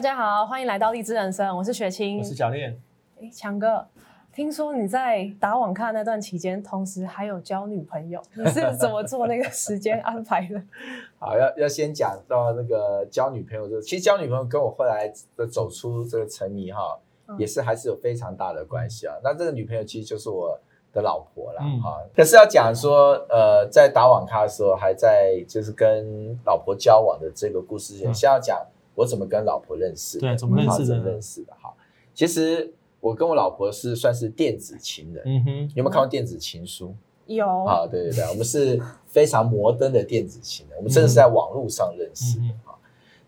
大家好，歡迎來到荔枝人生，我是雪清，我是小念。哎，強哥，聽說你在打網咖那段期間，同時還有交女朋友，你是，是怎麼做那個時間安排的？ 好，要要先講到那個交女朋友，就其實交女朋友跟我後來的走出這個沉迷哈，也是還是有非常大的關係啊。嗯、那這個女朋友其實就是我的老婆啦、嗯、可是要講說，嗯、呃，在打網咖的時候，還在就是跟老婆交往的這個故事，也是、嗯、要講。我怎麼跟老婆認識？對，怎麼認識？怎麼認識的？哈，其實我跟我老婆是算是電子情人。嗯哼，有沒有看過電子情書？有啊，對對對，我們是非常摩登的電子情人。我們真的是在網絡上認識啊。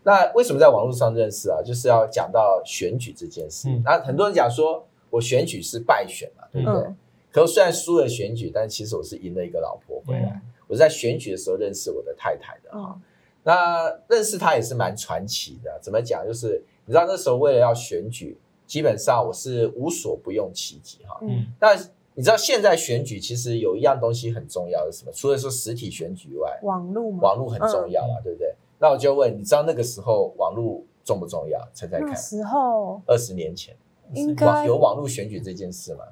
那為什麼在網絡上認識啊？就是要講到選舉這件事。那很多人講說我選舉是敗選嘛，對不對？可雖然輸了選舉，但其實我是贏了一個老婆回來。我是在選舉的時候認識我的太太的啊。那認識他也是蠻傳奇的、啊，怎麼講？就是你知道那時候為了要選舉，基本上我是無所不用其極哈。嗯。那你知道現在選舉其實有一樣東西很重要的是什麼？除了說實體選舉外，網絡嗎？網絡很重要啊，嗯、對不對？那我就問，你知道那個時候網絡重不重要？猜猜看。那時候，二十年前應該有網絡選舉這件事嗎？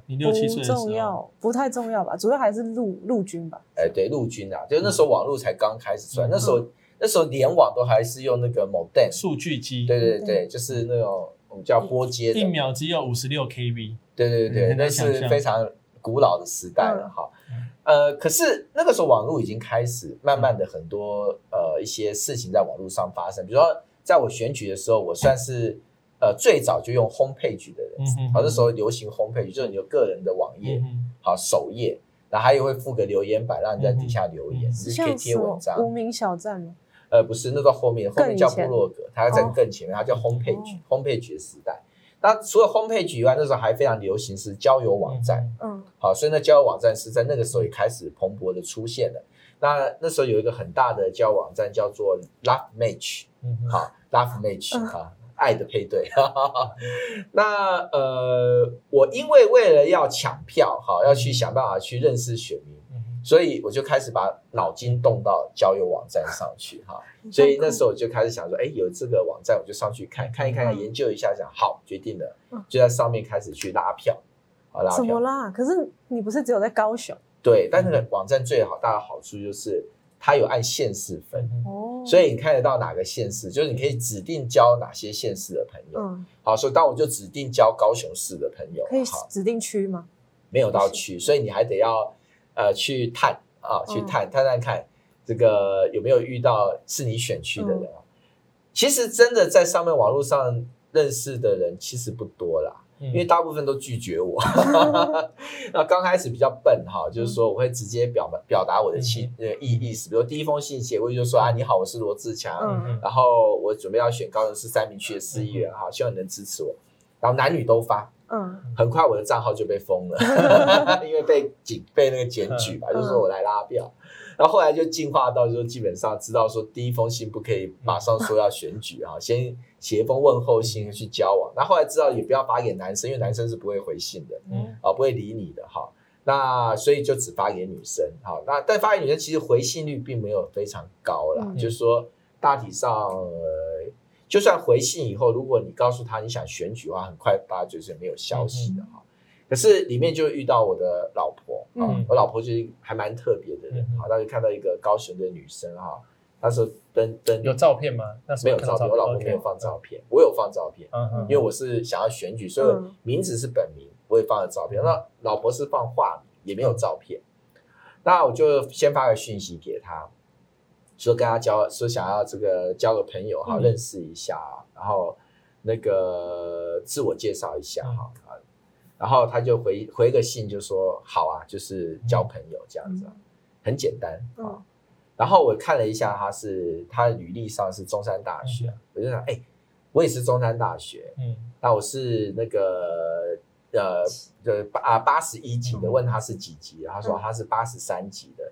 不重要，不太重要吧？主要還是陸陸軍吧。哎、欸，對陸軍啊，就那時候網絡才剛開始出來，嗯、那時候。那時候聯網都還是用那個 modem 數據機，對對對，就是那種叫撥接的，一秒只有五十六 KB，對對對，那是非常古老的時代了哈。呃，可是那個時候網路已經開始慢慢的很多呃一些事情在網絡上發生，比如說在我選舉的時候，我算是呃最早就用 home page 的人，好，那時候流行 home page，就是你有個人的網頁，好首頁，然後還有會附個留言板，讓你在底下留言，可以貼文章，無名小站呃，不是，那個後面後面叫部落格，它還站更前面，哦、它叫 homepage，homepage，哦、homepage 的時代。那除了 homepage 以外，那時候還非常流行是交友網站，嗯，嗯，好，所以呢，交友網站是在那個時候也開始蓬勃的出現了。那那時候有一個很大的交友網站叫做 Love Match，好，Love Match，嗯、愛的配對。嗯、哈哈那，呃，我因為為了要搶票，好，要去想辦法去認識選民。嗯所以我就開始把腦筋動到交友網站上去哈，嗯、所以那時候我就開始想說，哎、欸，有這個網站，我就上去看看一看，看，嗯、研究一下，想好決定了，嗯、就在上面開始去拉票，好拉票。怎麼啦？可是你不是只有在高雄？對，但是網站最好大的好處就是它有按縣市分哦，嗯、所以你看得到哪個縣市，就是你可以指定交哪些縣市的朋友。嗯，好，所以當我就指定交高雄市的朋友。嗯、好可以指定區嗎？沒有到區，嗯、所以你還得要。呃，去探啊，去探探探看，這個有沒有遇到是你選區的人。嗯、其實真的在上面網絡上認識的人其實不多啦，嗯、因為大部分都拒絕我。那哈剛哈哈哈、啊、開始比較笨哈，就是說我會直接表表達我的、嗯呃、意意思，比如說第一封信寫過去就說啊，你好，我是羅志強，嗯嗯然後我準備要選高雄市三民區的市議員哈，希望你能支持我，然後男女都發。嗯，很快我的賬號就被封了， 因為被檢被那個檢舉吧，嗯、就說我來拉票。嗯、然後後來就進化到，就基本上知道說第一封信不可以馬上說要選舉啊，嗯、先寫一封問候信去交往。嗯、然後後來知道也不要發給男生，因為男生是不會回信的，嗯，啊、哦、不會理你的哈、哦。那所以就只發給女生，好、哦，那但發給女生其實回信率並沒有非常高啦，嗯、就是說大體上。嗯呃就算回信以後，如果你告訴他你想選舉的話，很快八九就是沒有消息的哈。嗯、哼可是裡面就遇到我的老婆，嗯哼、啊，我老婆就是還蠻特別的人，哈、嗯哼，當時看到一個高雄的女生哈，她說登登有照片嗎？是沒有照片，照片我老婆沒有放照片，Okay. 我有放照片，嗯嗯，因為我是想要選舉，所以名字是本名，我也放了照片。嗯、那老婆是放化名，也沒有照片。嗯、那我就先發個訊息給她。說跟他交，說想要這個交個朋友哈，嗯、認識一下、啊，然後那個自我介紹一下哈啊，嗯、然後他就回回一個信就說好啊，就是交朋友這樣子，嗯、很簡單啊。嗯、然後我看了一下，他是他履歷上是中山大學，嗯、我就想哎、欸，我也是中山大學，嗯，那我是那個呃呃八啊八十一級的，問他是幾級？嗯、他說他是八十三級的。嗯嗯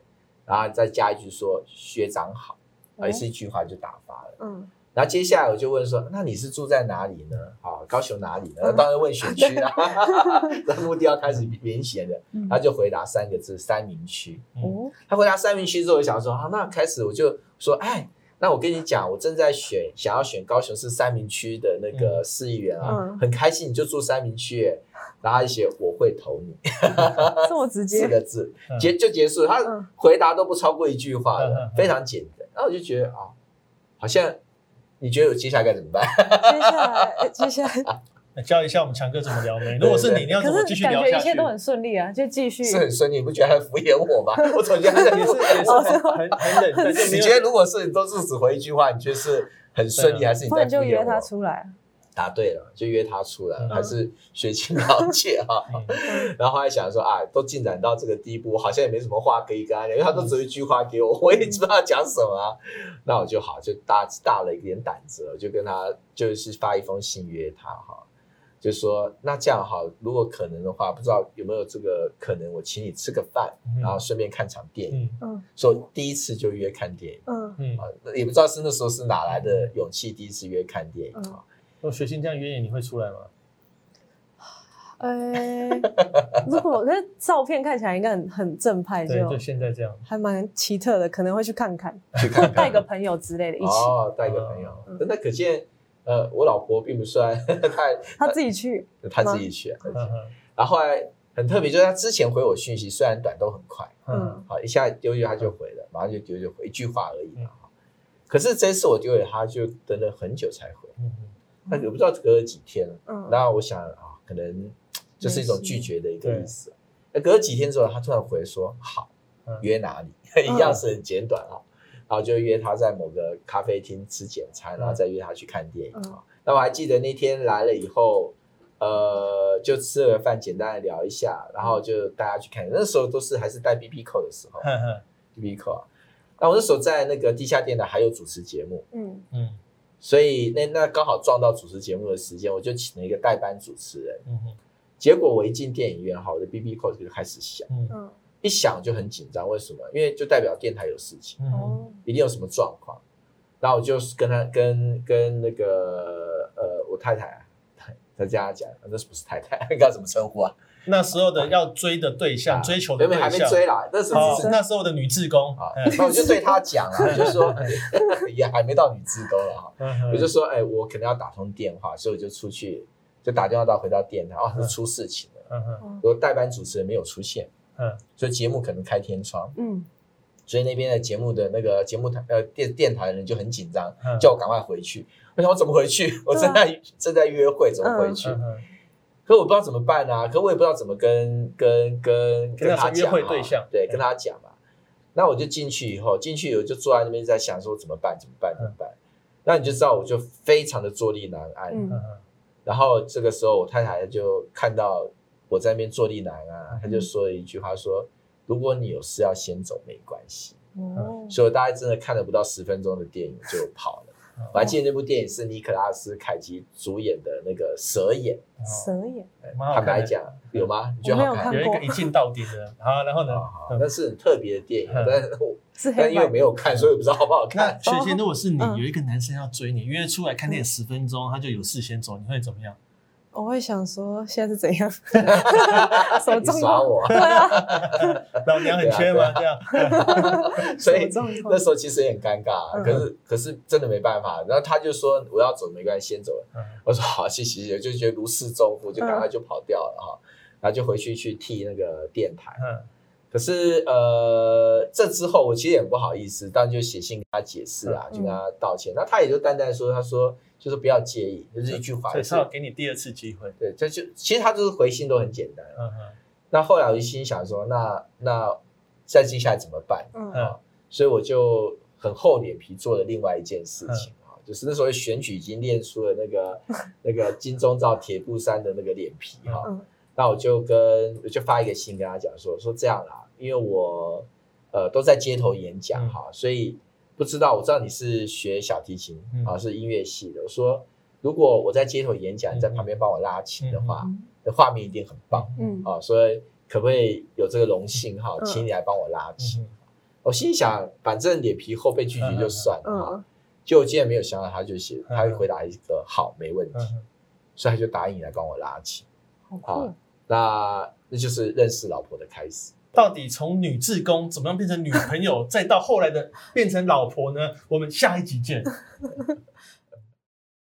然後再加一句說學長好，也是、欸、一,一句話就打發了。嗯，然後接下來我就問說，那你是住在哪裡呢？啊、哦，高雄哪裡呢？然當然問選區啦，嗯、 目的要開始明顯的。他、嗯、就回答三個字，三民區。嗯嗯、他回答三民區之後，我想說，那開始我就說，哎。那我跟你講，我正在選，想要選高雄市三民區的那個市議員啊，嗯嗯、很開心，你就住三民區，然後一些我會投你， 這麼直接，四個字，結就結束，嗯、他回答都不超過一句話的，嗯嗯、非常簡單，那、嗯嗯、我就覺得啊、哦，好像，你覺得我接下來該怎麼辦 接、欸？接下來，接下來。教一下我們強哥怎麼撩妹？如果是你，你要怎麼繼續聊下去？對對，感覺一切都很順利啊，就繼續。是很順利，你不覺得很敷衍我嗎？ 我總覺得你是你是 很很冷淡。你覺得如果是你，都是只回一句話，你覺得很順利、啊、還是你在敷衍？不然就約他出來。答、啊、對了，就約他出來，嗯、哼還是學情了解。哈、嗯哼。嗯、然後後來想說啊，都進展到這個地步，好像也沒什麼話可以跟他聊，因為他都只有一句話給我，我也不知道他講什麼、啊。嗯、那我就好，就大大了一點膽子了，就跟他就是發一封信約他哈。就說，那這樣好。如果可能的話，不知道有沒有這個可能，我請你吃個飯，嗯、然後順便看場電影。嗯，所以、嗯、第一次就約看電影。嗯嗯、啊，也不知道是那時候是哪來的勇氣，第一次約看電影啊。那、嗯哦、學信這樣約你，你會出來嗎？哎、欸，如果那照片看起來應該很很正派就，就就現在這樣，還蠻奇特的，可能會去看看，去看看帶個朋友之類的，一起哦，帶個朋友，那、嗯、可見。呃，我老婆並不算太，她自己去，她自己去。然後後來很特別，就是她之前回我訊息，雖然短，都很快。嗯，好，一下丟一句她就回了，馬上就丟就回一句話而已嘛。可是這次我丟給她，就等了很久才回。嗯，我不知道隔了幾天了。嗯。然後我想啊，可能就是一種拒絕的一個意思。那隔了幾天之後，她突然回說好，約哪裡？一樣是很簡短啊。然後就約他在某個咖啡廳吃簡餐，然後再約他去看電影。嗯嗯、那我還記得那天來了以後，呃，就吃了飯，簡單的聊一下，嗯、然後就大家去看。那時候都是還是帶 B B 扣的時候，B B 扣。嗯嗯嗯、那我那時候在那個地下電台還有主持節目，嗯嗯，嗯所以那那剛好撞到主持節目的時間，我就請了一個代班主持人。嗯、結果我一進電影院，哈，我的 B B 扣就開始響。嗯嗯一想就很緊張，為什麼？因為就代表電台有事情，嗯、哼一定有什麼狀況。然後我就是跟他、跟、跟那個呃，我太太、啊，太太跟他講，那、啊、是不是太太？該怎麼稱呼啊？那時候的要追的對象，啊、追求的對象還沒追來，那是，是，是，是那時候的女職工女志工啊。嗯、那我就對他講啊，就說 也還沒到女志工了哈、啊。嗯、哼我就說，哎、欸，我可能要打通電話，所以我就出去，就打電話到回到電台啊、嗯哼哦，是出事情了、啊。嗯哼，我代班主持人沒有出現。嗯，所以節目可能開天窗，嗯，所以那邊的節目的那個節目台，呃電電台的人就很緊張，叫我趕快回去。嗯、我想我怎麼回去？我正在、啊、正在約會，怎麼回去？嗯嗯嗯、可我不知道怎麼辦啊！可我也不知道怎麼跟跟跟跟他講跟、啊、約會對象，對，跟他講嘛。嗯、那我就進去以後，進去以後就坐在那邊在想說怎麼辦？怎麼辦？怎麼辦？嗯、那你就知道，我就非常的坐立難安。嗯嗯、然後這個時候，我太太就看到。我在那邊坐立難安，他就說了一句話說：“如果你有事要先走，沒關係。”嗯，所以大家真的看了不到十分鐘的電影就跑了。嗯、我還記得那部電影是尼可拉斯凱奇主演的那個蛇《蛇眼》對。蛇眼，坦白講，有嗎？你覺得好看？有一個一鏡到底的。好，然後呢？那是很特別的電影，嗯、但我但因為沒有看，所以不知道好不好看。薛謙，如果是你，嗯、有一個男生要追你，約出來看電影十分鐘，他就有事先走，你會怎麼樣？我會想說現在是怎樣？什麼狀況？你耍我？ 老娘很缺嗎？這樣、啊， 所以那時候其實也很尷尬。嗯、可是可是真的沒辦法。然後他就說我要走，沒關係，先走了。嗯、我說好，謝謝，謝就覺得如釋重負，就趕快就跑掉了哈。然後就回去去替那個電台。可是，呃，這之後我其實也不好意思，當然就寫信跟他解釋啊，嗯、就跟他道歉。那他也就淡淡說，他說就是不要介意，就是一句話。可是要給你第二次機會。對，這就其實他就是回信都很簡單、啊嗯。嗯哼。嗯，那後來我就心想說，那那再接下來怎麼辦啊啊？嗯嗯。所以我就很厚臉皮做了另外一件事情啊，嗯、就是那時候選舉已經練出了那個、嗯、那個金鐘罩鐵布衫的那個臉皮哈、啊。嗯嗯那我就跟我就發一個信跟他講說，說這樣啦，因為我呃都在街頭演講哈，所以不知道我知道你是學小提琴啊，是音樂系的。我說如果我在街頭演講，你在旁邊幫我拉琴的話，那畫面一定很棒，嗯啊，所以可不可以有這個榮幸哈，請你來幫我拉琴？我心想，反正臉皮厚，被拒絕就算了，哈，就今天沒有想到，他就寫，他就回答一個好，沒問題，所以他就答應來幫我拉琴，好。那那就是認識老婆的開始。到底從女志工怎麼樣變成女朋友， 再到後來的變成老婆呢？我們下一集見。